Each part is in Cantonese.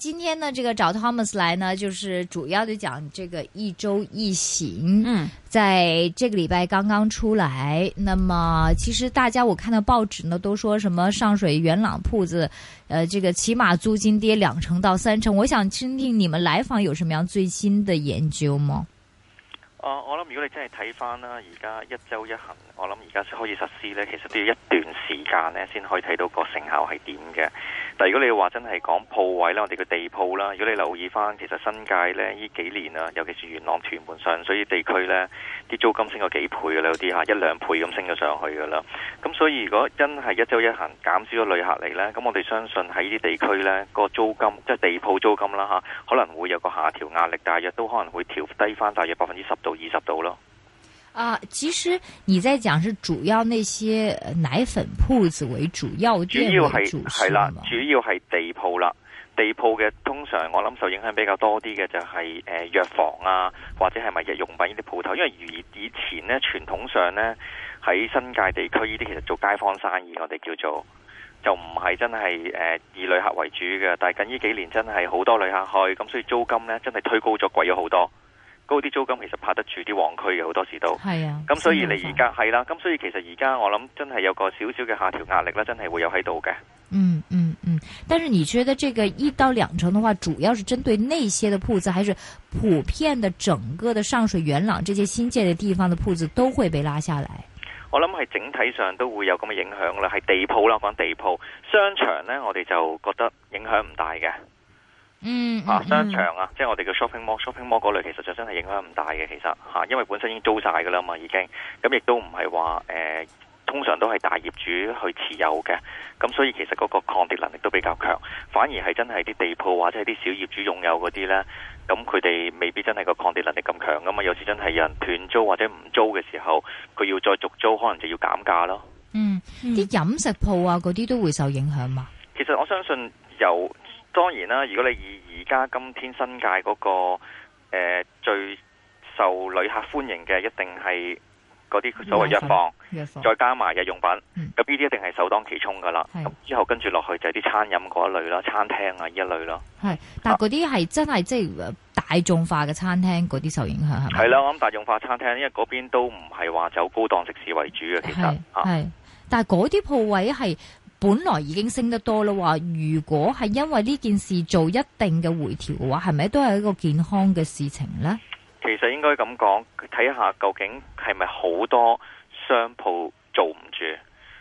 今天呢，這個找 Thomas 來呢，就是主要就講這個一周一行。嗯，在這個禮拜剛剛出來，那麼其實大家我看到報紙呢，都說什麼上水元朗鋪子，呃，這個起碼租金跌兩成到三成。我想聽聽你們來訪有什麼樣最新的研究嗎？呃，我諗如果你真係睇返啦，而家一周一行，我諗而家先可以實施呢。其實都要一段時間呢，先可以睇到個成效係點嘅。但如果你話真係講鋪位啦，我哋嘅地鋪啦，如果你留意翻，其實新界咧呢幾年啊，尤其是元朗、屯門上、上水地區呢啲租金升咗幾倍嘅啦，有啲嚇一兩倍咁升咗上去嘅啦。咁所以如果真係一週一行減少咗旅客嚟呢，咁我哋相信喺呢啲地區呢個租金即係地鋪租金啦嚇，可能會有個下調壓力，大約都可能會調低翻大約百分之十到二十度咯。啊，其實你在講是主要那些奶粉鋪子為主要，主要係，係啦，主要係地鋪啦，地鋪嘅通常我諗受影響比較多啲嘅就係、是、誒、呃、藥房啊，或者係咪日用品呢啲鋪頭，因為以以前咧傳統上咧喺新界地區呢啲其實做街坊生意，我哋叫做就唔係真係誒、呃、以旅客為主嘅，但係近呢幾年真係好多旅客去，咁所以租金咧真係推高咗貴咗好多。高啲租金其實拍得住啲旺區嘅好多時都係啊，咁所以你而家係啦，咁而家、係啊、所以其實而家我諗真係有個少少嘅下調壓力啦，真係會有喺度嘅。嗯嗯嗯，但是你覺得這個一到兩成的話，主要是針對那些的鋪子，還是普遍的整個的上水、元朗這些新界的地方的鋪子都會被拉下來？我諗係整體上都會有咁嘅影響啦，係地鋪啦，講地鋪，商場呢，我哋就覺得影響唔大嘅。嗯，嗯啊，商場啊，即係我哋叫 shopping mall，shopping mall 嗰類其實就真係影響唔大嘅，其實吓、啊，因為本身已經租晒噶啦嘛，已經，咁亦都唔係話誒，通常都係大業主去持有嘅，咁、啊、所以其實嗰個抗跌能力都比較強，反而係真係啲地鋪或者係啲小業主擁有嗰啲咧，咁佢哋未必真係個抗跌能力咁強噶嘛，有時真係有人斷租或者唔租嘅時候，佢要再續租，可能就要減價咯。嗯，啲飲、嗯、食鋪啊，嗰啲都會受影響嘛？其實我相信有。當然啦，如果你以而家今天新界嗰、嗰個誒、呃、最受旅客歡迎嘅，一定係嗰啲所謂藥房，藥藥再加埋日用品，咁呢啲一定係首當其衝噶啦。咁是之後跟住落去就係啲餐飲嗰一類啦，餐廳啊呢一類咯。係，但係嗰啲係真係即係大眾化嘅餐廳嗰啲受影響係咪？係啦，我諗大眾化餐廳，因為嗰邊都唔係話走高檔食肆為主嘅，其實係，但係嗰啲鋪位係。本來已經升得多啦喎，如果係因為呢件事做一定嘅回調嘅話，係咪都係一個健康嘅事情呢？其實應該咁講，睇下究竟係咪好多商鋪做唔住？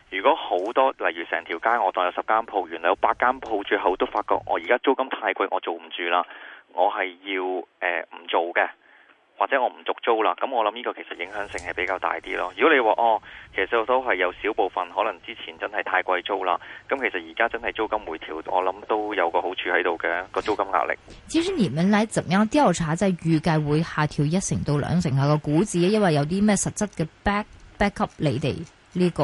如果好多，例如成條街，我當有十間鋪，原來有八間鋪，最後都發覺我而家租金太貴，我做唔住啦，我係要誒唔、呃、做嘅。或者我唔續租啦，咁我諗呢個其實影響性係比較大啲咯。如果你話哦，其實都係有少部分可能之前真係太貴租啦，咁其實而家真係租金回調，我諗都有個好處喺度嘅個租金壓力。至於你哋呢，點樣調查即係預計會下調一成到兩成下個股指，因為有啲咩實質嘅 back back up 你哋呢個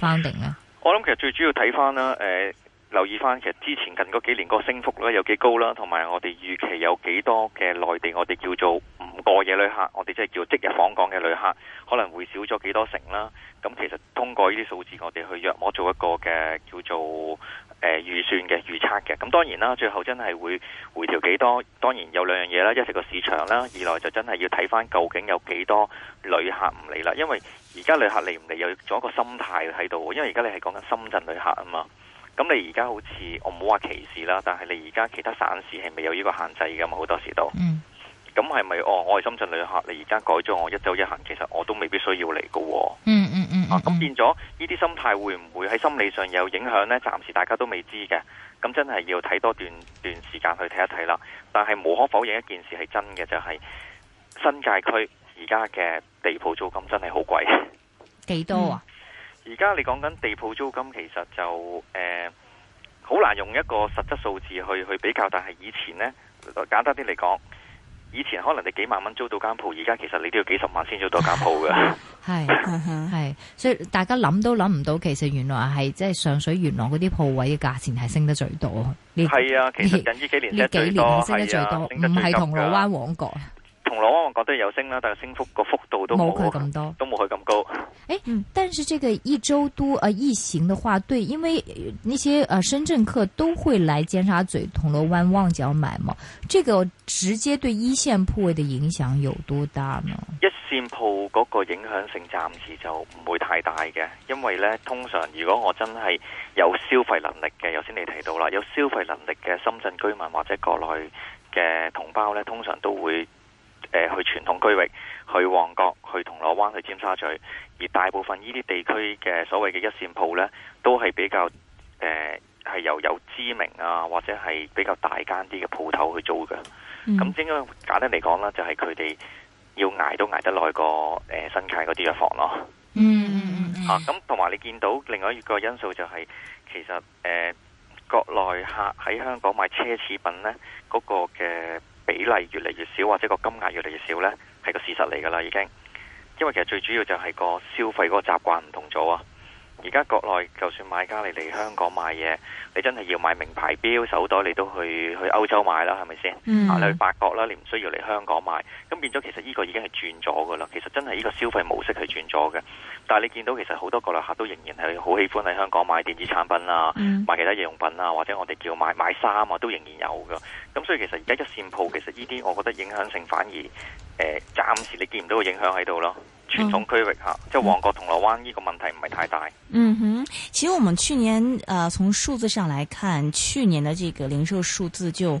finding 咧？我諗其實最主要睇翻啦，誒、呃。留意翻，其實之前近嗰幾年個升幅咧有幾高啦，同埋我哋預期有幾多嘅內地我哋叫做唔過夜旅客，我哋即係叫即日訪港嘅旅客，可能會少咗幾多成啦。咁、嗯、其實通過呢啲數字，我哋去約摸做一個嘅叫做誒預、呃、算嘅預測嘅。咁、嗯、當然啦，最後真係會回調幾多，當然有兩樣嘢啦，一係個市場啦，二來就真係要睇翻究竟有幾多旅客唔嚟啦。因為而家旅客嚟唔嚟有咗一個心態喺度，因為而家你係講緊深圳旅客啊嘛。咁你而家好似我唔好話歧視啦，但係你而家其他省市係未有呢個限制噶嘛？好多時都。咁係咪哦？我係深圳旅客，你而家改咗我一周一行，其實我都未必需要嚟噶。嗯。嗯嗯嗯。啊，咁變咗呢啲心態會唔會喺心理上有影響呢？暫時大家都未知嘅，咁真係要睇多段段時間去睇一睇啦。但係無可否認一件事係真嘅，就係，新界區而家嘅地鋪租金真係好貴。幾多啊？嗯而家你講緊地鋪租金，其實就誒好、呃、難用一個實質數字去去比較。但係以前呢，簡單啲嚟講，以前可能你幾萬蚊租到間鋪，而家其實你都要幾十萬先租到間鋪㗎。係係，所以大家諗都諗唔到，其實原來係即係上水元朗嗰啲鋪位嘅價錢係升得最多。係 啊，其實近呢幾年呢 幾年升得最多，唔係銅鑼灣旺角。銅鑼灣我覺得有升啦，但係升幅個幅度都冇佢咁多，都冇佢咁高。誒、欸嗯，但是這個一周都呃，一行的話，對，因為那些誒、啊、深圳客都會來尖沙咀、銅鑼灣、旺角買嘛，這個直接對一線鋪位的影響有多大呢？一線鋪嗰個影響性暫時就唔會太大嘅，因為呢，通常如果我真係有消費能力嘅，頭先你提到啦，有消費能力嘅深圳居民或者國內嘅同胞呢，通常都會。誒，去傳統區域，去旺角，去銅鑼灣，去尖沙咀，而大部分呢啲地區嘅所謂嘅一線鋪呢，都係比較，誒係由有知名啊，或者係比較大間啲嘅鋪頭去租嘅。咁應該簡單嚟講啦，就係佢哋要捱都捱得耐過，誒、呃、新界嗰啲藥房咯。嗯嗯嗯嗯。啊，咁同埋你見到另外一個因素就係、是，其實誒、呃、國內客喺香港買奢侈品呢，嗰、那個嘅。比例越嚟越少，或者個金額越嚟越少呢係個事實嚟噶啦，已經。因為其實最主要就係個消費個習慣唔同咗啊。而家國內就算買家你嚟香港買嘢，你真係要買名牌表手袋，你都去去歐洲買啦，係咪先？你去法國啦，你唔需要嚟香港買。咁變咗其實呢個已經係轉咗噶啦。其實真係呢個消費模式係轉咗嘅。但係你見到其實好多國內客都仍然係好喜歡喺香港買電子產品啦、啊，mm. 買其他日用品啊，或者我哋叫買買衫啊，都仍然有噶。咁所以其實而家一線鋪其實呢啲，我覺得影響性反而誒、呃，暫時你見唔到個影響喺度咯。傳統區域哈，即係旺角銅鑼灣呢個問題唔係太大。嗯哼，其實我們去年，呃，從數字上來看，去年的這個零售數字就。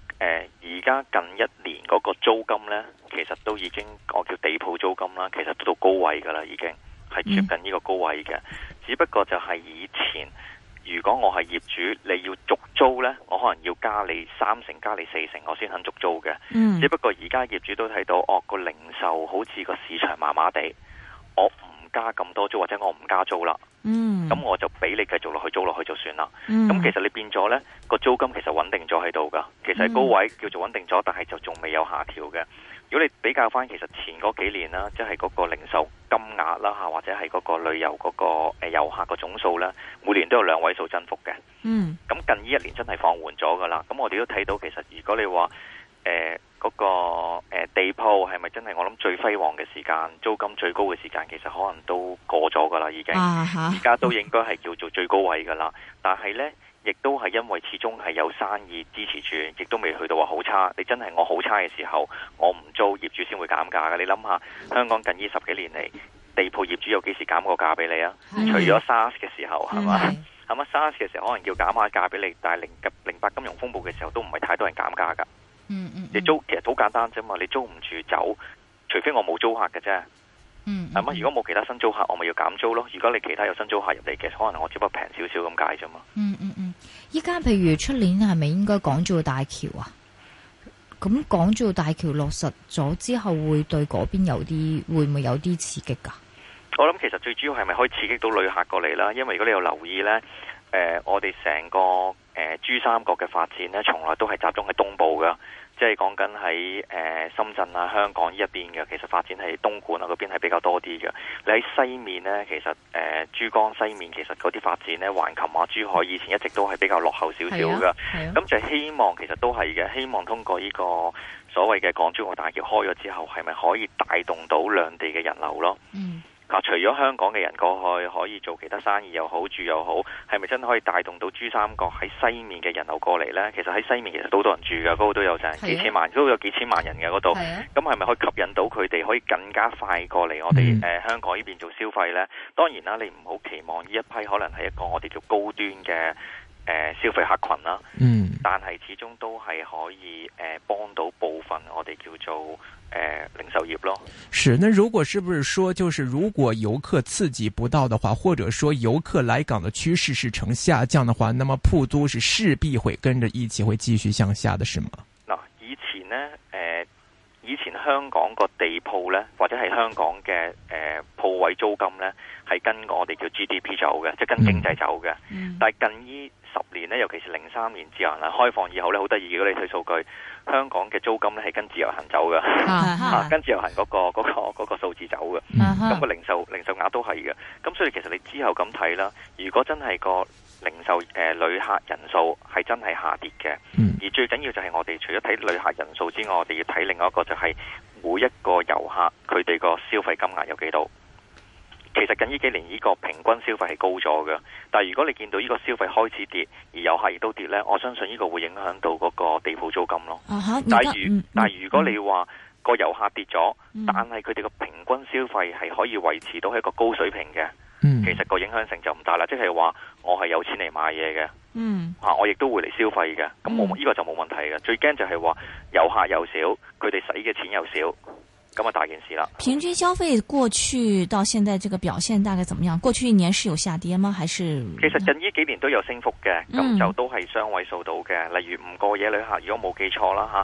誒，而家、呃、近一年嗰個租金呢，其實都已經我叫地鋪租金啦，其實都到高位噶啦，已經係接近呢個高位嘅。Mm. 只不過就係以前，如果我係業主，你要續租呢，我可能要加你三成，加你四成，我先肯續租嘅。Mm. 只不過而家業主都睇到，哦個零售好似個市場麻麻地，我。加咁多租，或者我唔加租啦，嗯，咁我就俾你繼續落去租落去就算啦。咁，嗯，其實你變咗呢個租金其實穩定咗喺度噶，其實高位叫做穩定咗，但係就仲未有下調嘅。如果你比較翻，其實前嗰幾年啦，即係嗰個零售金額啦吓，或者係嗰個旅遊嗰、嗰個誒遊客個總數呢，每年都有兩位數增幅嘅。嗯，咁近呢一年真係放緩咗噶啦。咁我哋都睇到其實如果你話。誒，嗰、呃那個誒、呃、地鋪係咪真係我諗最輝煌嘅時間，租金最高嘅時間，其實可能都過咗噶啦，已經、uh，而、huh. 家都應該係叫做最高位噶啦。但係呢，亦都係因為始終係有生意支持住，亦都未去到話好差。你真係我好差嘅時候，我唔租業主先會減價噶。你諗下，香港近呢十幾年嚟，地鋪業主有幾時減過價俾你啊？Uh huh. 除咗沙士嘅時候係嘛，係嘛沙士嘅時候可能叫減下價俾你，但係零零八金融風暴嘅時候都唔係太多人減價噶。嗯，嗯嗯，你租其實好簡單啫嘛，你租唔住走，除非我冇租客嘅啫。嗯，嗯，嗯，嗯，係咪？如果冇其他新租客，我咪要減租咯。如果你其他有新租客入嚟嘅，可能我只不過平少少咁解啫嘛。嗯嗯嗯，依家譬如出年係咪應該港珠澳大橋啊？咁港珠澳大橋落實咗之後，會對嗰邊有啲會唔會有啲刺激噶？我諗其實最主要係咪可以刺激到旅客過嚟啦？因為如果你有留意咧，誒、呃，我哋成個誒珠、呃、三角嘅發展咧，從來都係集中喺東部噶即係講緊喺誒深圳啊、香港呢一邊嘅，其實發展喺東莞啊嗰邊係比較多啲嘅。你喺西面呢，其實誒、呃、珠江西面其實嗰啲發展呢，橫琴啊、珠海以前一直都係比較落後少少嘅。咁、啊啊、就希望其實都係嘅，希望通過呢個所謂嘅港珠澳大橋開咗之後，係咪可以帶動到兩地嘅人流咯？嗯啊！除咗香港嘅人過去可以做其他生意又好住又好，係咪真可以帶動到珠三角喺西面嘅人口過嚟呢？其實喺西面其實都好多人住嘅，嗰度都有成幾千萬，都有幾千萬人嘅嗰度。咁係咪可以吸引到佢哋可以更加快過嚟我哋誒、嗯呃、香港呢邊做消費呢？當然啦，你唔好期望呢一批可能係一個我哋叫高端嘅。誒、呃，消費客群啦、啊，嗯，但係始終都係可以誒、呃、幫到部分我哋叫做誒、呃、零售業咯。是，那如果是不是說，就是如果遊客刺激不到的話，或者說遊客來港的趨勢是呈下降的話，那麼鋪租是勢必會跟着一起會繼續向下嘅，是嗎？嗱，以前呢，誒、呃，以前香港個地鋪呢，或者係香港嘅誒、呃、鋪位租金呢，係跟我哋叫 GDP 走嘅，即、就、係、是、跟經濟走嘅，嗯嗯、但係近依。十年咧，尤其是零三年自由行啦開放以後咧，好得意。如果你睇數據，香港嘅租金咧係跟自由行走嘅，跟 自由行嗰個嗰個嗰個數字走嘅。咁 個零售零售額都係嘅。咁所以其實你之後咁睇啦，如果真係個零售誒旅客人數係真係下跌嘅， 而最緊要就係我哋除咗睇旅客人數之外，我哋要睇另外一個就係每一個遊客佢哋個消費金額有幾多。其實近呢幾，幾年呢個平均消費係高咗嘅，但係如果你見到呢個消費開始跌，而遊客亦都跌呢，我相信呢個會影響到嗰個地鋪租金咯。啊、哈但如、嗯、但如果你話個遊客跌咗，嗯、但係佢哋個平均消費係可以維持到一個高水平嘅，嗯、其實個影響性就唔大啦。即係話我係有錢嚟買嘢嘅，吓、嗯啊、我亦都會嚟消費嘅，咁我呢個就冇問題嘅。最驚就係話遊客又少，佢哋使嘅錢又少。咁啊大件事啦！平均消費過去到現在，這個表現大概怎麼樣？過去一年是有下跌嗎？還是其實近呢幾年都有升幅嘅，咁、嗯、就都係雙位數到嘅。例如唔過夜旅客，如果冇記錯啦吓，誒、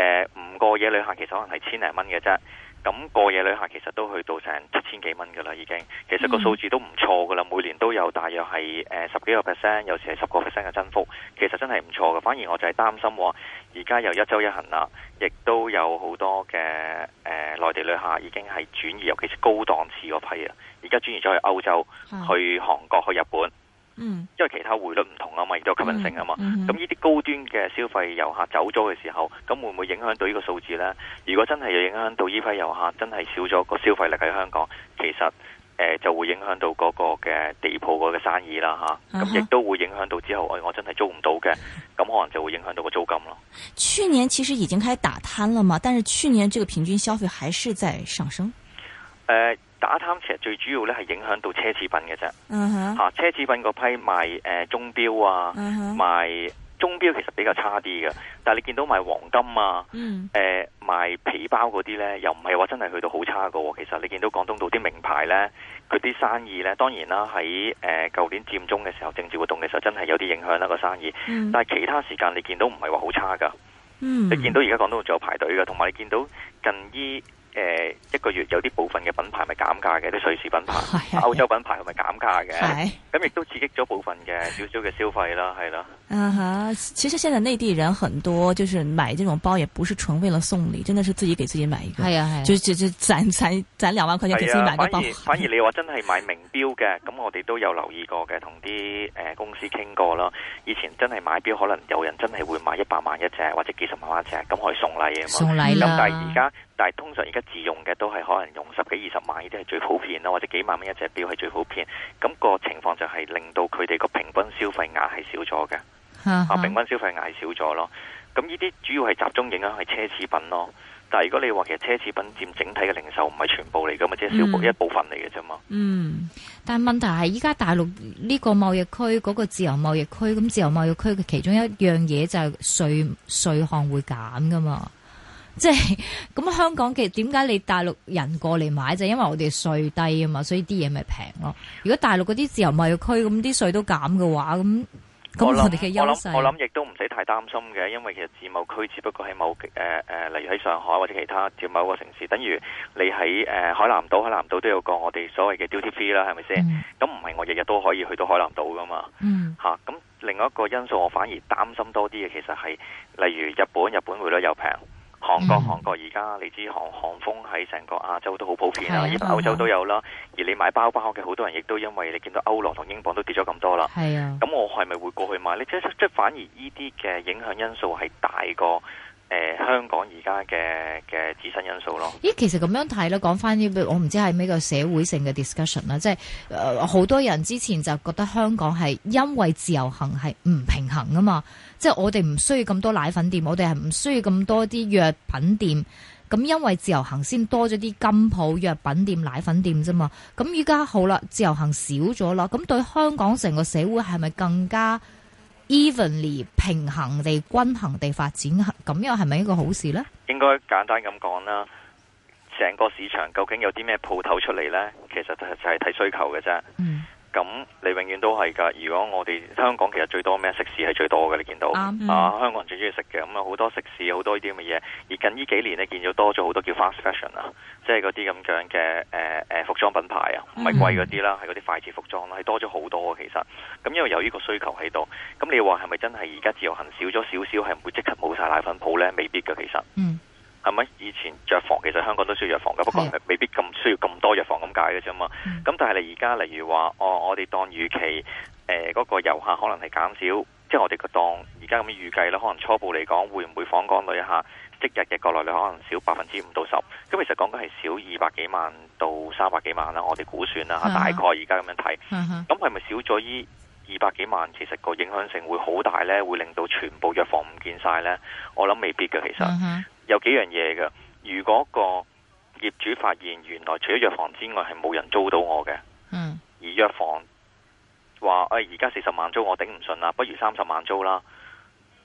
呃、唔過夜旅客其實可能係千零蚊嘅啫。咁、嗯、過夜旅客其實都去到成七千幾蚊噶啦，已經其實個數字都唔錯噶啦，每年都有大約係誒十幾個 percent，有時係十個 percent 嘅增幅，其實真係唔錯嘅。反而我就係擔心，而家又一週一行啦，亦都有好多嘅誒、呃、內地旅客已經係轉移，尤其是高檔次嗰批啊，而家轉移咗去歐洲、嗯、去韓國、去日本。嗯，因為其他匯率唔同啊嘛，亦都有吸引性啊嘛。咁呢啲高端嘅消費遊客走咗嘅時候，咁會唔會影響到呢個數字呢？如果真係影響到呢批遊客真，真係少咗個消費力喺香港，其實誒、呃、就會影響到嗰個嘅地鋪嗰個生意啦、啊、吓。咁亦、嗯啊、都會影響到之後，哎、我真係租唔到嘅，咁可能就會影響到個租金咯。去年其實已經開始打攤啦嘛，但是去年這個平均消費還是在上升。呃打貪其實最主要咧係影響到奢侈品嘅啫，嚇、mm hmm. 啊、奢侈品嗰批賣誒鐘錶啊，mm hmm. 賣鐘錶其實比較差啲嘅，但係你見到賣黃金啊，誒、呃、賣皮包嗰啲咧，又唔係話真係去到好差嘅、哦。其實你見到廣東道啲名牌咧，佢啲生意咧，當然啦，喺誒舊年佔中嘅時候，政治活動嘅時候真係有啲影響啦個生意。Mm hmm. 但係其他時間你見到唔係話好差㗎，mm hmm. 你見到而家廣東道仲有排隊嘅，同埋你見到近依。誒，一個月有啲部分嘅品牌咪減價嘅，啲瑞士品牌、歐、哎、呀洲品牌佢咪減價嘅，咁亦、哎、呀都刺激咗部分嘅少少嘅消費啦。係啦，啊哈，其實現在內地人很多，就是買這種包，也不是純為了送禮，真的是自己給自己買一個。係啊、哎呀，係，就就就攢攢攢兩萬塊錢，尤其是買包。反而, 反而你話真係買名表嘅，咁我哋都有留意過嘅，同啲誒公司傾過啦。以前真係買表，可能有人真係會買一百萬一隻或者幾十萬一隻，咁可以送禮啊嘛。樣送禮咁但係而家。但係通常而家自用嘅都係可能用十幾二十萬呢啲係最普遍咯，或者幾萬蚊一隻表係最普遍。咁個情況就係令到佢哋個平均消費額係少咗嘅，啊哈平均消費額係少咗咯。咁呢啲主要係集中影響係奢侈品咯。但係如果你話其實奢侈品佔整體嘅零售唔係全部嚟噶嘛，即係小部、嗯、一部分嚟嘅啫嘛。嗯，但係問題係依家大陸呢個貿易區嗰個自由貿易區，咁自由貿易區嘅其中一樣嘢就係稅稅項會減噶嘛。即係咁，香港其實點解你大陸人過嚟買就因為我哋稅低啊嘛，所以啲嘢咪平咯。如果大陸嗰啲自由貿易區咁啲稅都減嘅話，咁咁我哋嘅優勢。我諗亦都唔使太擔心嘅，因為其實自貿區只不過喺某誒誒、呃，例如喺上海或者其他某某個城市，等於你喺誒海南島，海南島都有個我哋所謂嘅 duty free 啦，係咪先？咁唔係我日日都可以去到海南島噶嘛？吓咁、嗯，啊、另外一個因素我反而擔心多啲嘅，其實係例如日本，日本匯率又平。韓國、嗯、韓國而家你知韓韓風喺成個亞洲都好普遍啦，而的歐洲都有啦。啊、而你買包包嘅好多人，亦都因為你見到歐羅同英鎊都跌咗咁多啦。係啊的，咁我係咪會過去買呢？即即，即反而呢啲嘅影響因素係大過。誒、呃、香港而家嘅嘅自身因素咯，咦？其實咁樣睇啦，講返呢，我唔知係咩個社會性嘅 discussion 啦，即係誒好多人之前就覺得香港係因為自由行係唔平衡啊嘛，即係我哋唔需要咁多奶粉店，我哋係唔需要咁多啲藥品店，咁因為自由行先多咗啲金鋪、藥品店、奶粉店啫嘛，咁依家好啦，自由行少咗啦，咁對香港成個社會係咪更加？Evenly 平衡地均衡地發展，咁樣係咪一個好事呢？應該簡單咁講啦，成個市場究竟有啲咩鋪頭出嚟呢？其實就係睇需求嘅啫。嗯咁你永遠都係㗎。如果我哋香港其實最多咩食肆係最多嘅，你見到啊，嗯，啊，香港人最鍾意食嘅咁啊，好多食肆，好多呢啲咁嘅嘢。而近呢幾年咧，見咗多咗好多叫 fast fashion 啊，即係嗰啲咁樣嘅誒誒服裝品牌啊，唔係貴嗰啲啦，係嗰啲快捷服裝啦，係多咗好多嘅其實。咁因為有呢個需求喺度，咁你話係咪真係而家自由行少咗少少，係唔會即刻冇晒奶粉鋪咧？未必嘅其實。嗯係咪以前藥房，其實香港都需要藥房噶，是不過未必咁需要咁多藥房咁解嘅啫嘛。咁、嗯、但係你而家例如話，哦，我哋當預期誒嗰、呃嗰個遊客可能係減少，即係我哋個當而家咁樣預計咧，可能初步嚟講會唔會訪港旅客即日嘅國內量可能少百分之五到十，咁其實講緊係少二百幾萬到三百幾萬啦，我哋估算啦，嗯、大概而家咁樣睇。咁係咪少咗依二百幾萬，其實個影響性會好大呢，會令到全部藥房唔見晒呢？我諗未必嘅，其實。嗯有幾樣嘢嘅。如果個業主發現原來除咗藥房之外係冇人租到我嘅，嗯，而藥房話誒，而家四十萬租我頂唔順啦，不如三十萬租啦。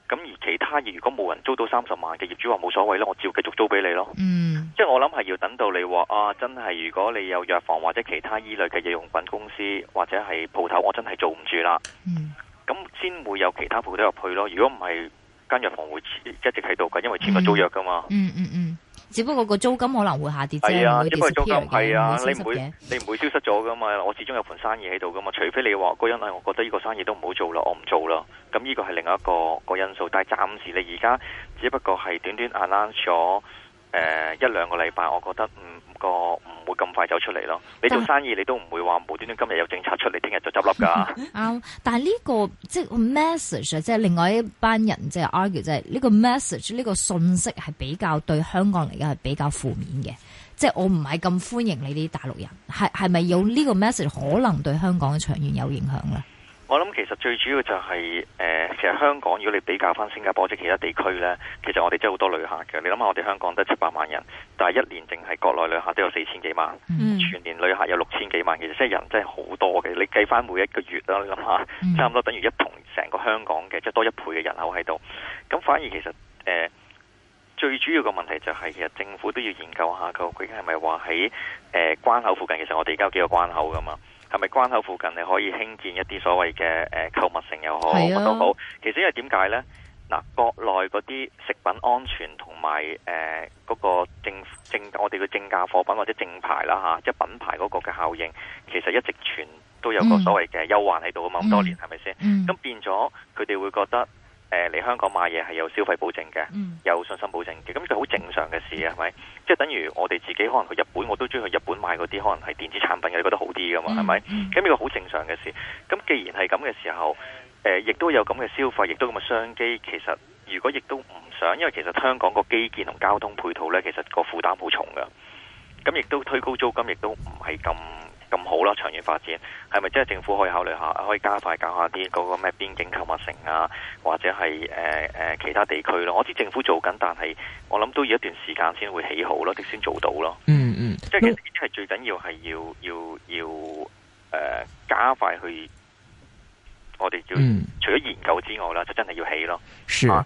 咁而其他如果冇人租到三十萬嘅業主話冇所謂啦，我照繼續租俾你咯。嗯，即係我諗係要等到你話啊，真係如果你有藥房或者其他醫類嘅日用品公司或者係鋪頭，我真係做唔住啦。嗯，咁先、嗯、會有其他鋪頭入去咯。如果唔係。間藥房會一直喺度噶因為簽咗租約噶嘛嗯嗯嗯，只不過個租金可能會下跌啫。係啊，因為租金係啊，你唔會你唔會消失咗噶嘛我始終有盤生意喺度噶嘛除非你話嗰人，哎，我覺得呢個生意都唔好做啦，我唔做啦。咁呢個係另外一個個因素，但係暫時你而家只不過係短短 announce 咗誒一兩個禮拜，我覺得嗯。個唔會咁快走出嚟咯。是你做生意你都唔會話無端端今日有政策出嚟，聽日就執笠㗎。啱、嗯嗯，但係、這、呢個即係 message 啊，即係另外一班人即係 argue，即係呢個 message 呢個信息係比較對香港嚟講係比較負面嘅，即係我唔係咁歡迎你啲大陸人，係係咪有呢個 message 可能對香港嘅長遠有影響咧？我諗其實最主要就係誒，其實香港如果你比較翻新加坡即係其他地區呢，其實我哋真係好多旅客嘅。你諗下，我哋香港得七百萬人，但係一年淨係國內旅客都有四千幾萬，嗯、全年旅客有六千幾萬，其實即係人真係好多嘅。你計翻每一個月啦，你諗下，差唔多等於一成個香港嘅，即係多一倍嘅人口喺度。咁反而其實誒，最主要嘅問題就係其實政府都要研究下究竟係咪話喺誒關口附近。其實我哋而家有幾個關口噶嘛。係咪關口附近你可以興建一啲所謂嘅誒購物城又好乜都是、啊、好？其實因為點解呢？嗱、啊，國內嗰啲食品安全同埋誒嗰個正正我哋嘅正價貨品或者正牌啦吓、啊，即係品牌嗰個嘅效應，其實一直全都有個所謂嘅憂患喺度啊嘛！咁、嗯、多年係咪先？咁、嗯嗯、變咗佢哋會覺得。誒嚟香港買嘢係有消費保證嘅，有信心保證嘅，咁就好正常嘅事，係咪？即係等於我哋自己可能去日本，我都中意去日本買嗰啲可能係電子產品嘅，你覺得好啲噶嘛，係咪？咁呢個好正常嘅事。咁既然係咁嘅時候，誒亦都有咁嘅消費，亦都有咁嘅商機。其實如果亦都唔想，因為其實香港個基建同交通配套呢，其實個負擔好重噶。咁亦都推高租金，亦都唔係咁。咁好啦，長遠發展係咪真係政府可以考慮下，可以加快搞下啲嗰個咩邊境購物城啊，或者係誒誒其他地區咯，啊？我知政府做緊，但係我諗都要一段時間先會起好咯，即先做到咯，嗯。嗯嗯，即係其實係最緊要係要要要誒，呃、加快去，我哋要，嗯、除咗研究之外啦，就真係要起咯。是啊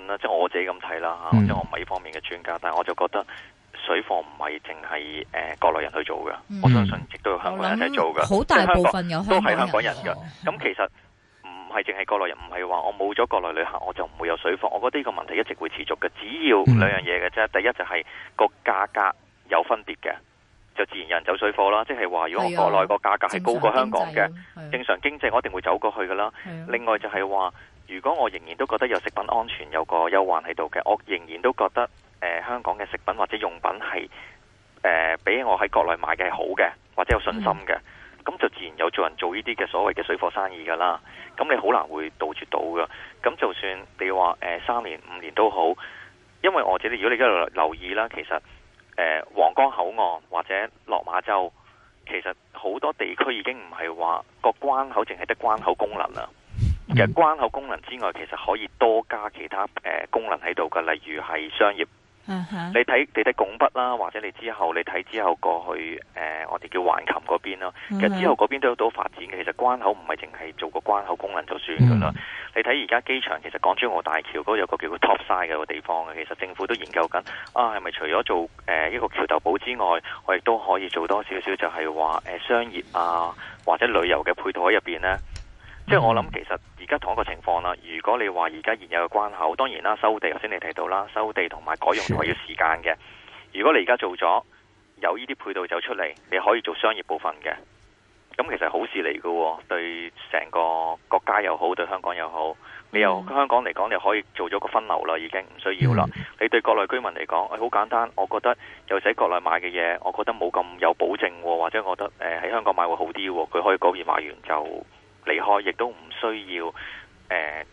啦，即係我自己咁睇啦吓，嗯、即係我唔係呢方面嘅專家，但係我就覺得水貨唔係淨係誒國內人去做嘅，嗯、我相信亦都有香港人一齊做嘅，好大部分香港，香港人都係香港人嘅。咁、嗯嗯、其實唔係淨係國內人，唔係話我冇咗國內旅行我就唔會有水貨，我覺得呢個問題一直會持續嘅。只要兩樣嘢嘅啫，第一就係個價格有分別嘅，就自然有人走水貨啦，即係話如果我國內個價格係高過香港嘅，正常經濟我一定會走過去噶啦。的另外就係話。如果我仍然都覺得有食品安全有個憂患喺度嘅，我仍然都覺得誒、呃、香港嘅食品或者用品係誒、呃、比我喺國內買嘅好嘅，或者有信心嘅，咁就自然有做人做呢啲嘅所謂嘅水貨生意噶啦。咁你好難會杜絕到嘅。咁就算你話誒三年五年都好，因為我自己如果你一路留意啦，其實誒皇崗口岸或者落馬洲，其實好多地區已經唔係話個關口淨係得關口功能啦。其實關口功能之外，其實可以多加其他誒、呃、功能喺度噶，例如係商業。嗯哼、uh huh.。你睇拱北啦，或者你之後你睇之後過去誒、呃，我哋叫橫琴嗰邊咯。其實之後嗰邊都有好多發展嘅。其實關口唔係淨係做個關口功能就算噶啦。Uh huh. 你睇而家機場，其實港珠澳大橋嗰有個叫做 Topside 嘅地方，其實政府都研究緊啊，係咪除咗做誒、呃、一個橋頭堡之外，我亦都可以做多少少，就係話誒商業啊，或者旅遊嘅配套喺入邊呢？嗯、即係我諗，其實而家同一個情況啦。如果你話而家現有嘅關口，當然啦，收地頭先你提到啦，收地同埋改用都係要時間嘅。的如果你而家做咗有呢啲配套走出嚟，你可以做商業部分嘅。咁其實好事嚟㗎、哦，對成個國家又好，對香港又好。嗯、你又香港嚟講，你可以做咗個分流啦，已經唔需要啦。嗯、你對國內居民嚟講，好簡單。我覺得又使國內買嘅嘢，我覺得冇咁有，有保證、哦，或者我覺得誒喺香港買會好啲、哦。佢可以講完買完就。離開亦都唔需要誒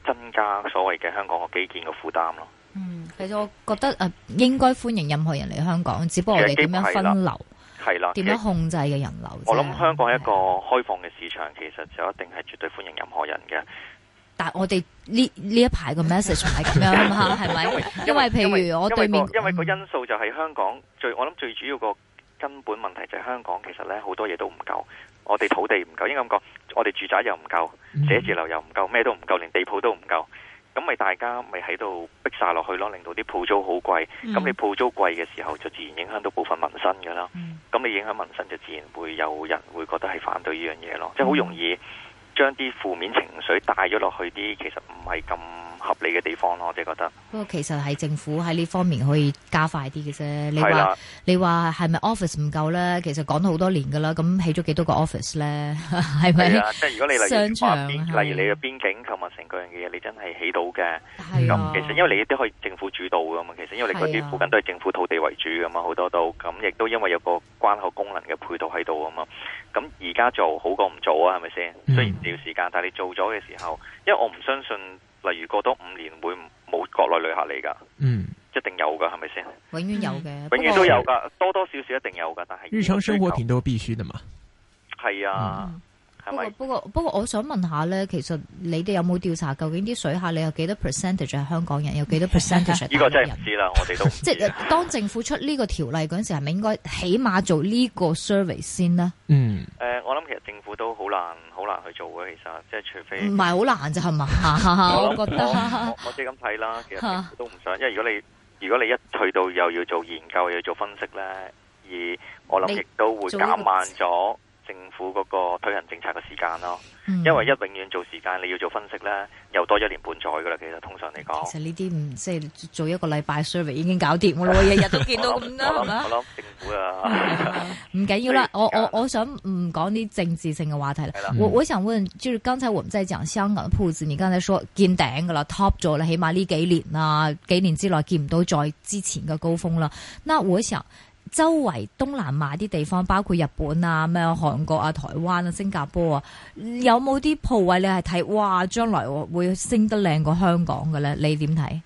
增加所謂嘅香港嘅基建嘅負擔咯。嗯，其實我覺得誒應該歡迎任何人嚟香港，只不過我哋點樣分流，係啦，點樣控制嘅人流。我諗香港係一個開放嘅市場，其實就一定係絕對歡迎任何人嘅。但係我哋呢呢一排嘅 message 係咁樣啊，係咪？因為因為譬如我對面，因為個因素就係香港最我諗最主要個根本問題就係香港其實咧好多嘢都唔夠。我哋土地唔夠，應該咁講。我哋住宅又唔夠寫字、嗯、樓又唔夠，咩都唔夠，連地鋪都唔夠，咁咪大家咪喺度逼晒落去咯，令到啲鋪租好貴。咁、嗯、你鋪租貴嘅時候，就自然影響到部分民生噶啦。咁、嗯、你影響民生，就自然會有人會覺得係反對呢樣嘢咯。即係好容易將啲負面情緒帶咗落去啲，其實唔係咁。合理嘅地方咯，我哋係覺得。不過其實係政府喺呢方面可以加快啲嘅啫。你話的你話係咪 office 唔夠咧？其實講咗好多年噶啦，咁起咗幾多個 office 咧？係 咪是？係即係如果你例如話邊，例如你嘅邊境購物城嗰樣嘅嘢，你真係起到嘅。係咁的其實因為你啲可以政府主導噶嘛，其實因為你嗰啲附近都係政府土地為主噶嘛，好多都咁亦都因為有個關口功能嘅配套喺度啊嘛。咁而家做好過唔做啊？係咪先？雖然唔要時間，但係你做咗嘅時候，因為我唔相信。例如過多五年會冇國內旅客嚟噶，嗯，一定有噶，係咪先？嗯、永遠有嘅，永遠都有噶，過多多少少一定有噶。但係日常生活，點都必須嘛？係啊、嗯，不過不過不過，我想問下咧，其實你哋有冇調查，究竟啲水客你有幾多 percentage 係香港人，有幾多 percentage 呢 個真係唔知啦，我哋都 即係 當政府出呢個條例嗰陣時，係咪應該起碼做呢個 service 先咧？嗯。政府都好難，好難去做嘅，其實即係除非唔係好難啫，係嘛 覺得？ 我都覺得我自己咁睇啦，其實政府都唔想， 因為如果你如果你一去到又要做研究，又要做分析咧，而我諗你 亦都會減慢咗。政府嗰個推行政策嘅時間咯，嗯、因為一永遠做時間你要做分析咧，又多一年半載噶啦。其實通常嚟講，其實呢啲唔即係做一個禮拜 service 已經搞掂 我咯，日日都見到咁啦，好嘛？ 我諗政府啊，唔緊要啦。我我我想唔講啲政治性嘅話題啦。的我我想問，就係剛才我哋在講香港嘅鋪子，你剛才說見頂噶啦，top 咗啦，起碼呢幾年啊幾年之內見唔到再之前嘅高峰啦。那我想。周圍東南亞啲地方，包括日本啊、咩韓國啊、台灣啊、新加坡啊，有冇啲鋪位你係睇哇？將來會升得靚過香港嘅咧？你點睇？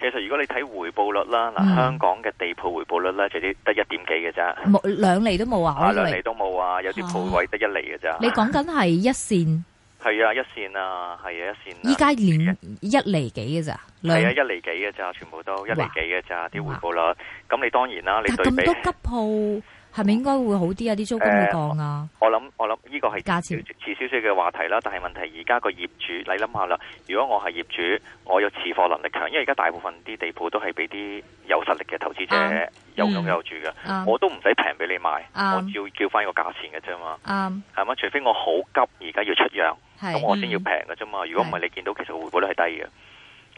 其實如果你睇回報率啦，嗱，嗯，香港嘅地鋪回報率咧，就啲得一點幾嘅咋，冇兩厘都冇啊，兩厘都冇啊，有啲鋪位得一厘嘅咋。你講緊係一線。係啊，一線啊，係啊，一線。依家連一厘幾嘅咋？係啊，一厘對幾嘅咋對？全部都嘩一厘幾嘅咋？啲回報率，咁嘩你當然啦，但 你對比。咁多吉鋪。係咪應該會好啲啊？啲租金會降啊？我諗我諗呢個係遲少少嘅話題啦。但係問題而家個業主，你諗下啦。如果我係業主，我有持貨能力強，因為而家大部分啲地鋪都係俾啲有實力嘅投資者有擁有住嘅，我都唔使平俾你買，我照叫翻個價錢嘅啫嘛。啱係嘛？除非我好急而家要出讓，咁我先要平嘅啫嘛。如果唔係，你見到其實回報率係低嘅。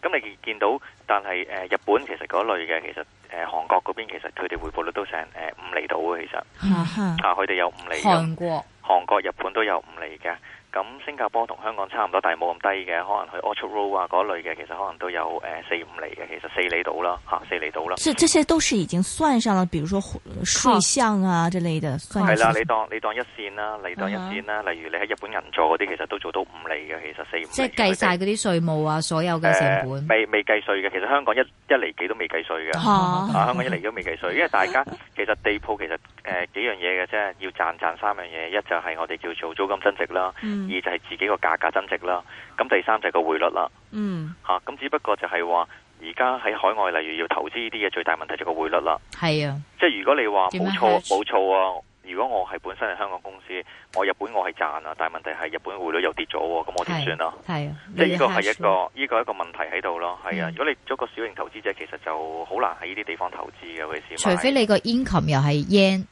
咁、嗯、你見到，但係誒、呃、日本其實嗰類嘅，其實誒、呃、韓國嗰邊其實佢哋回報率都成誒五厘到嘅。其實啊佢哋有五厘， 韓國韓國日本都有五厘嘅。咁新加坡同香港差唔多，但係冇咁低嘅，可能去 Orchard Road 啊嗰類嘅，其實可能都有誒四五厘嘅，其實四厘到啦，吓四厘到啦。是這，這些都是已經算上了，比如說稅項啊，啊這類的係啦，你當你當一線啦，你當一線啦、啊，線啊啊、例如你喺日本銀座嗰啲，其實都做到五厘嘅，其實四。五即係計晒嗰啲稅務啊，們所有嘅成本。未未計稅嘅，其實香港一一厘幾都未計稅嘅。香港一厘都未計稅，因為大家 其實地鋪其實誒、呃、幾樣嘢嘅，即係要賺賺三樣嘢，一就係我哋叫做租金增值啦。嗯二、mm. 就係自己個價格增值啦，咁第三就係個匯率啦。嗯、mm. 啊，嚇，咁只不過就係話，而家喺海外，例如要投資呢啲嘢，最大問題就係個匯率啦。係啊，即係如果你話冇錯冇錯啊，如果我係本身係香港公司，我日本我係賺啊，但係問題係日本匯率又跌咗、啊，咁我點算啊？係啊，啊即係呢個係一個呢個一個問題喺度咯。係啊，如果你做個小型投資者，其實就好難喺呢啲地方投資嘅，尤其是除非你個 income 又係 yen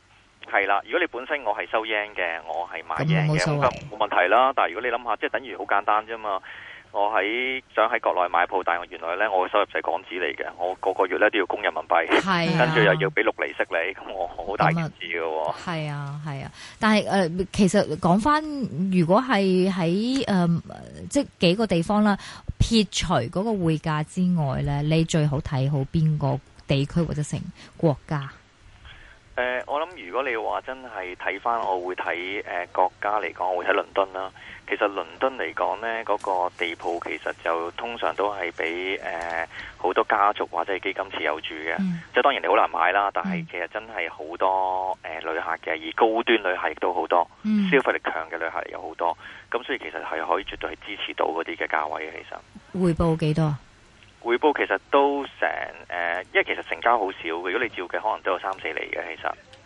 係啦，如果你本身我係收 yen 嘅，我係買 yen 嘅，冇問題啦。但係如果你諗下，即係等於好簡單啫嘛。我喺想喺國內買鋪，但係我原來咧，我收入就港紙嚟嘅，我個個月咧都要供人民幣，跟住，啊、又要俾六厘息你，咁我好大件事嘅。係啊，係啊，啊。但係誒、呃，其實講翻，如果係喺誒，即係幾個地方啦，撇除嗰個匯價之外咧，你最好睇好邊個地區或者成國家？誒、呃，我諗如果你話真係睇翻，我會睇誒、呃、國家嚟講，我會睇倫敦啦。其實倫敦嚟講呢嗰、嗰個地鋪其實就通常都係俾誒好多家族或者係基金持有住嘅。即係、嗯、當然你好難買啦，但係其實真係好多誒、呃、旅客嘅，而高端旅客亦都好多，嗯、消費力強嘅旅客有好多。咁所以其實係可以絕對係支持到嗰啲嘅價位嘅，其實回報幾多？匯報其實都成誒、呃，因為其實成交好少。如果你照計，可能都有三四厘嘅。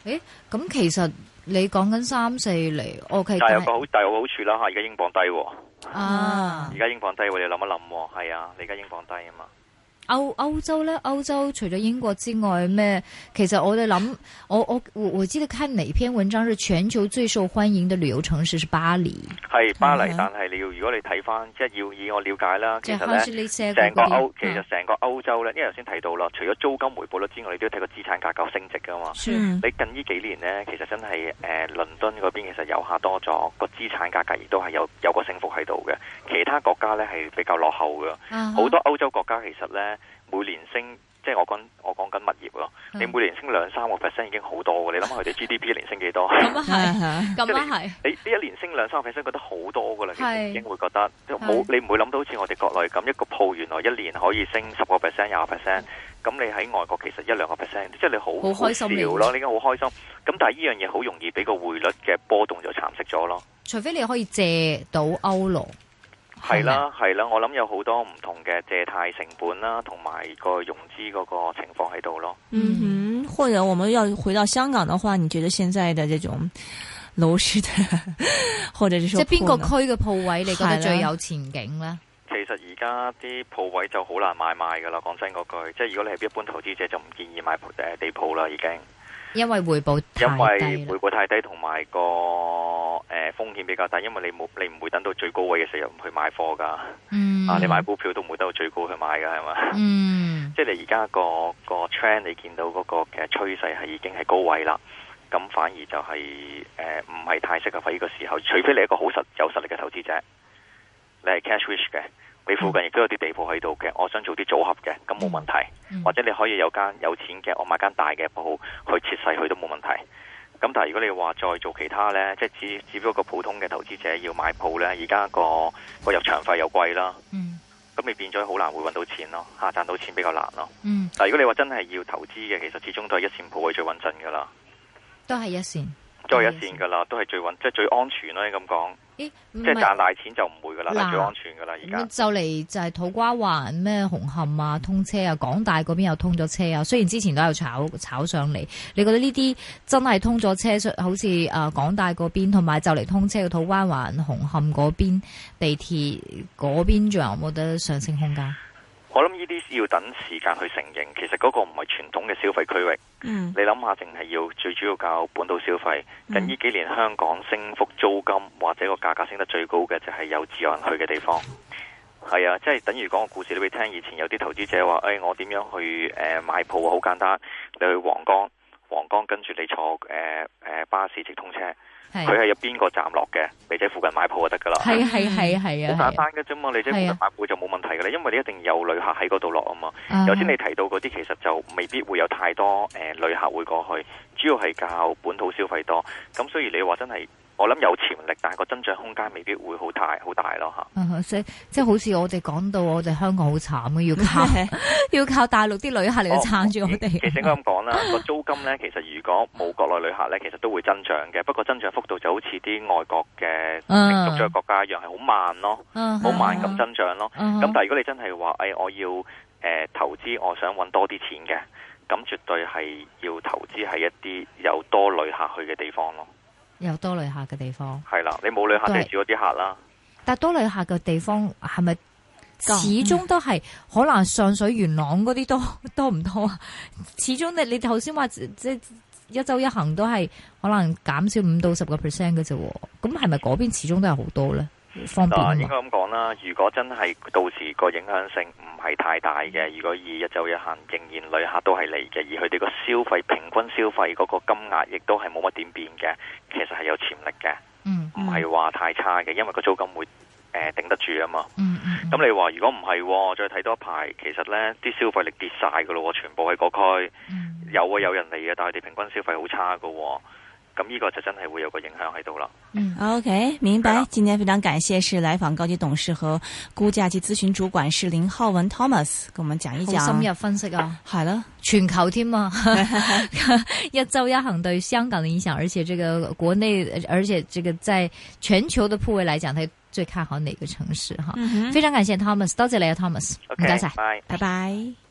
其實誒，咁其實你講緊三四厘，O K。Okay, 但係有個好但大個好處啦，吓而家英鎊低啊！而家英鎊低，你諗一諗，係啊，你而家英鎊低啊嘛。歐歐洲咧，歐洲除咗英國之外咩？其實我哋諗，我我我我記得看哪篇文章是全球最受歡迎的旅遊城市是巴黎，係巴黎。是是但係你要如果你睇翻，即係要以我了解啦，其實咧，成個歐其實成個歐洲咧，是因為頭先提到啦，除咗租金回報率之外，你都要睇個資產結格,格升值資產價格升值噶嘛。是你近呢幾年呢，其實真係誒倫敦嗰邊其實遊客多咗，資產格格個資產價格亦都係有有個升幅喺度嘅。其他國家咧係比較落後嘅，好是、嗯、多歐洲國家其實咧。每年升，即係我講我講緊物業咯。你每年升兩三個 percent 已經好多㗎，你諗下佢哋 GDP 一年升幾多？咁啊係，咁啊係。你呢一年升兩三個 percent 覺得好多㗎啦，已經會覺得冇你唔會諗到好似我哋國內咁一個鋪原來一年可以升十個 percent、廿個 percent，咁你喺外國其實一兩個 percent，即係你好開心咯。你已經好開心，咁但係依樣嘢好容易俾個匯率嘅波動就蠶食咗咯。除非你可以借到歐羅。係啦，係啦，oh，我諗有好多唔同嘅借貸成本啦，同埋個融資嗰個情況喺度咯。嗯哼，或者我們要回到香港的話，你覺得現在的這種樓市的，或者即係邊個區嘅鋪位你覺得最有前景呢？其實而家啲鋪位就好難買賣噶啦，講真嗰句，即係如果你係一般投資者，就唔建議買地鋪啦，已經。因為回報，報太低，回報太低，同埋個誒風險比較大。因為你冇你唔會等到最高位嘅時候唔去買貨噶，嗯，啊你買股票都唔會到最高去買噶係嘛，嗯，即係你而家，那個個 trend 你見到嗰個嘅趨勢係已經係高位啦，咁反而就係誒唔係太適合喺呢個時候，除非你一個好實有實力嘅投資者，你係 cash wish 嘅。你、嗯、附近亦都有啲地鋪喺度嘅，我想做啲組合嘅，咁冇問題。嗯、或者你可以有間有錢嘅，我買間大嘅鋪去切細去都冇問題。咁但係如果你話再做其他呢，即係只只不過個普通嘅投資者要買鋪呢，而家個個入場費又貴啦。咁你、嗯、變咗好難會搵到錢咯，吓賺到錢比較難咯。嗯、但嗱，如果你話真係要投資嘅，其實始終都係一綫鋪係最穩陣噶啦。都係一綫。都係一綫噶啦，都係最穩，即係最安全咯。你咁講。欸、即係賺大錢就唔會噶啦，辣最安全噶啦，而家就嚟就係土瓜灣咩紅磡啊通車啊，港大嗰邊又通咗車啊。雖然之前都有炒炒上嚟，你覺得呢啲真係通咗車出，好似誒、呃、港大嗰邊，同埋就嚟通車嘅土瓜灣紅磡嗰邊地鐵嗰邊，仲有冇得上升空間？我諗呢啲要等時間去承認，其實嗰個唔係傳統嘅消費區域。Mm. 你諗下，淨係要最主要搞本土消費。近呢幾年香港升幅租金或者個價格升得最高嘅，就係有自由行去嘅地方。係啊、mm.，即係等於講個故事畀你聽，你會聽以前有啲投資者話，誒、哎，我點樣去誒、呃、買鋪？好簡單，你去皇崗。黃崗，跟住你坐誒誒、呃呃、巴士直通車，佢係有邊個站落嘅？你喺附近買鋪就得噶啦。係係係係啊，好簡單嘅啫嘛，是啊、你喺附近買鋪就冇問題嘅啦，因為你一定有旅客喺嗰度落啊嘛。頭先你提到嗰啲其實就未必會有太多誒、呃、旅客會過去，主要係靠本土消費多。咁雖然你話真係。我諗有潛力，但係個增長空間未必會好大，好大咯吓。即即好似我哋講到，我哋香港好慘嘅，要靠要靠大陸啲旅客嚟撐住我哋。 其實應該咁講啦，個租金呢，其實如果冇國內旅客呢，其實都會增長嘅。不過增長幅度就好似啲外國嘅成熟咗嘅國家一樣，係好慢咯，好慢咁增長咯。咁 但係如果你真係話，誒、哎，我要誒、呃、投資，我想揾多啲錢嘅，咁絕對係要投資喺一啲有多旅客去嘅地方咯。有多旅客嘅地方，係啦，你冇旅客就少咗啲客啦。是但多旅客嘅地方係咪始終都係、嗯、可能上水元朗嗰啲多多唔多啊？始終你你頭先話即係一周一行都係可能減少五到十個 percent 嘅啫，咁係咪嗰邊始終都有好多咧？嗱，應該咁講啦。如果真係到時個影響性唔係太大嘅，如果一周一行仍然旅客都係嚟嘅，而佢哋個消費平均消費嗰個金額亦都係冇乜點變嘅，其實係有潛力嘅。唔係話太差嘅，因為個租金會誒頂、呃、得住啊嘛。嗯咁、嗯、你話如果唔係，再睇多排，其實呢啲消費力跌晒噶咯，全部喺個區。嗯、有啊，有人嚟嘅，但係佢哋平均消費好差噶。咁呢個就真係會有個影響喺度啦。嗯，OK，明白。今天非常感謝，是萊坊高級董事和估價及諮詢主管是林浩文 Thomas，跟我們講一講。深入分析啊，係啦，全球添啊，一周一行對香港嘅影響，而且這個國內，而且這個在全球的鋪位來講，佢最看好哪個城市？哈、嗯嗯，非常感謝 Thomas，多謝你啊 Thomas，唔該晒，拜拜。